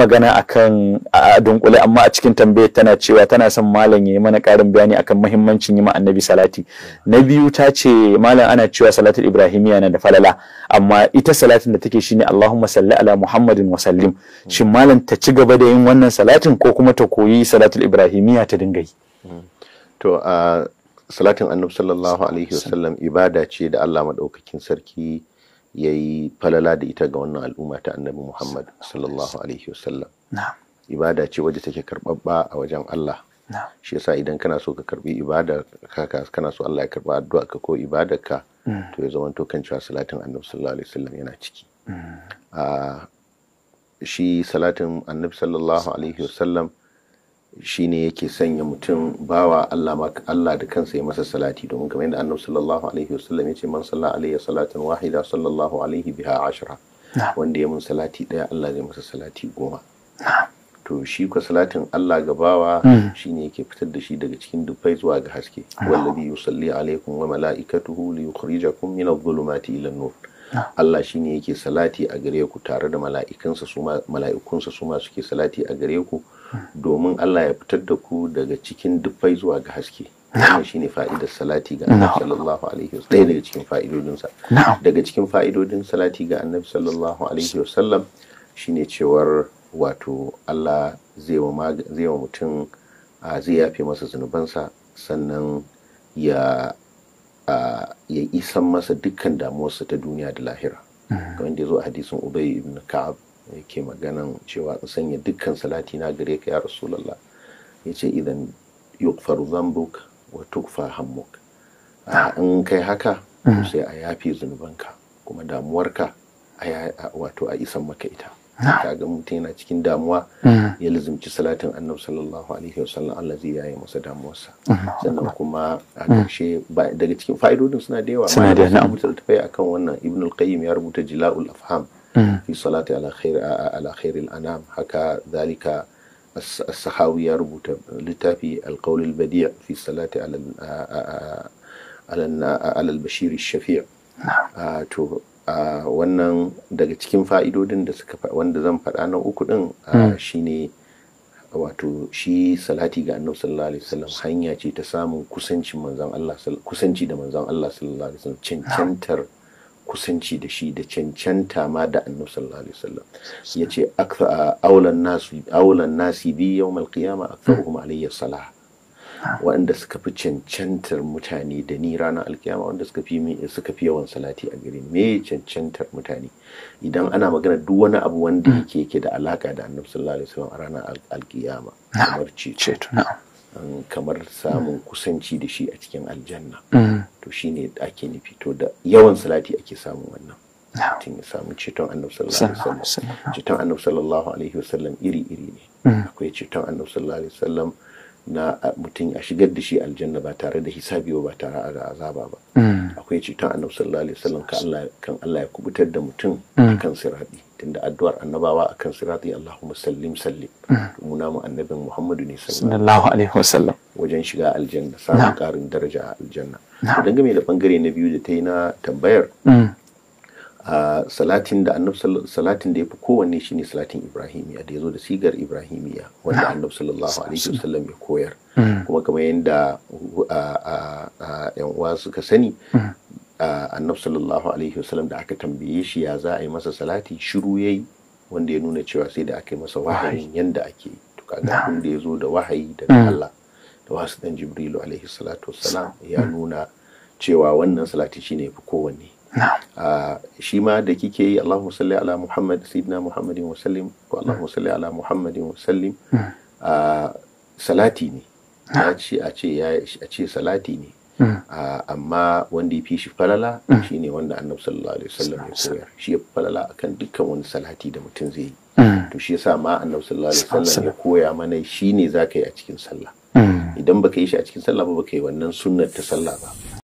magana akan a dunkule amma a cikin tambayar tana cewa tana son malam ya yi mana karin bayani akan muhimmancin yi annabi salati na biyu ta ce malam ana cewa salatul ibrahimiya na da falala amma ita salatin da take shine Allahumma salli ala Muhammadin wa sallim shin malam ta ci gaba da yin wannan salatin ko kuma ta koyi salatul ibrahimiyya ta dinga yi to salatin annabi sallallahu ibada ce da Allah madaukakin sarki ya yi falala da ita ga wannan al'umma ta annabi muhammad sallallahu alaihi wasallam ibada ce wadda take karɓaɓɓa a wajen allah shi yasa idan kana so ka karbi ibada kana so allah ya karba addu'a ka ko ka. Mm. to ya to kan cewa salatin annabi sallallahu alaihi wasallam yana ciki mm. ah, shi salatin annabi sallallahu alaihi wasallam Shi ne yake sanya mutum bawa Allah Allah da kansa ya masa salati domin kamar yadda Annabi sallallahu alaihi wasallam ya ce man salla alayhi salatan wahida sallallahu alaihi biha ashra wanda ya mun salati daya Allah zai masa salati goma to shi ko salatin Allah ga bawa hmm. shine yake fitar da shi daga cikin dufai zuwa ga haske wallazi yusalli alaikum wa malaikatuhu li yukhrijakum min adh-dhulumati ila an-nur Allah shine yake salati a gare ku tare da mala'ikansa su mala'ikunsa su ma suke salati a gare ku domin Allah ya fitar da ku daga cikin dufai zuwa ga haske wannan shine fa'idar salati ga annabi sallallahu alaihi wasallam ɗaya daga cikin sa daga cikin fa'idodin salati ga annabi sallallahu alaihi wasallam shine cewar wato Allah zai wa mutum zai yafe masa zunubansa sannan ya ya isan masa dukkan damuwarsa ta duniya da lahira mm. kamar da ya zo a hadisin ubay ibn ka'ab ke maganan cewa in sanya dukkan salati na gare ka ya rasulullah ya ce idan yukfaru zambuk wa tukfa hammuk a in kai haka mm. sai a yafi zunubanka kuma damuwarka wato a isan maka ita kaga mutum yana cikin damuwa mm. ya lizumci salatin annabi sallallahu alaihi wasallam Allah zai yaye masa damuwarsa mm, sannan kuma a ƙarshe daga cikin fa'idodin suna da yawa suna da fai na akan wannan ibn ya rubuta jila'ul afham Mm. fi salati على خير على خير anam haka zalika as-sahawi ya rubuta littafi في صلاة على badi على salati wannan daga cikin fa'idodin da suka wanda zan faɗa na uku din mm. shine wato shi salati ga annabi sallallahu alaihi wasallam hanya ce ta samun kusanci kusanci da manzon Allah sallallahu alaihi wasallam cancantar kusanci da shi da cancanta ma da annabi sallallahu alaihi wasallam yace aulan nasi aulan nasi bi yawm alqiyama aktharuhum alayya salah waɗanda suka fi cancantar mutane da ni ranar alkiyama wanda suka fi suka fi yawan salati a gare me cancantar mutane idan ana magana duk wani abu wanda yake yake da alaka da annabi sallallahu alaihi wasallam a ranar alkiyama kamar ceto kamar samun mm. kusanci da shi a cikin aljanna mm. to shi ne ake nufi to da yawan salati ake samun wannan tun ya samu ceton annabi sallallahu alaihi wasallam ceton annabi sallallahu alaihi wasallam iri iri ne mm. akwai ceton annabi sallallahu alaihi wasallam na mutum a shigar da shi aljanna ba tare da hisabi ba tare da azaba ba mm. akwai ceton annabi sallallahu alaihi wasallam kan Allah kan Allah ya kubutar da mutum mm. akan sirati tunda addu'ar annabawa akan sirati Allahumma sallim sallim mm. mu namu annabin Muhammadu ne sallallahu alaihi wasallam wajen shiga aljanna samun karin daraja a aljanna dan game da bangare na biyu da ta na tambayar salatin da annab salatin da ya fi kowanne shine salatin ibrahimiya da ya zo da sigar ibrahimiya wanda annab sallallahu alaihi wasallam ya koyar hmm. kuma kamar yadda yan uwa suka sani hmm. annab sallallahu alaihi wasallam da aka tambaye shi ya za a yi masa salati shiru yayi wanda ya nuna cewa sai da aka yi masa wahayi yanda ake to kaga da ya zo da wahayi daga hmm. Allah da wasu dan jibrilu alaihi salatu wassalam ya nuna cewa wannan salati shine ya fi kowanne Ah, shi ma da kike yi Allah musalli ala Muhammad sayyidina Muhammadin wa ko hmm. Allah musalli ala Muhammadin wa hmm. ah, salati ne a ce a ce salati ne hmm. ah, amma wanda ya fi shi falala shine wanda annabi sallallahu alaihi wasallam ya koyar shi ya falala akan dukkan wani salati da mutum zai yi to shi yasa ma annabi sallallahu alaihi wasallam ya koya mana shi za zaka yi a cikin sallah idan baka yi shi a cikin sallah ba baka yi wannan sunnar ta sallah ba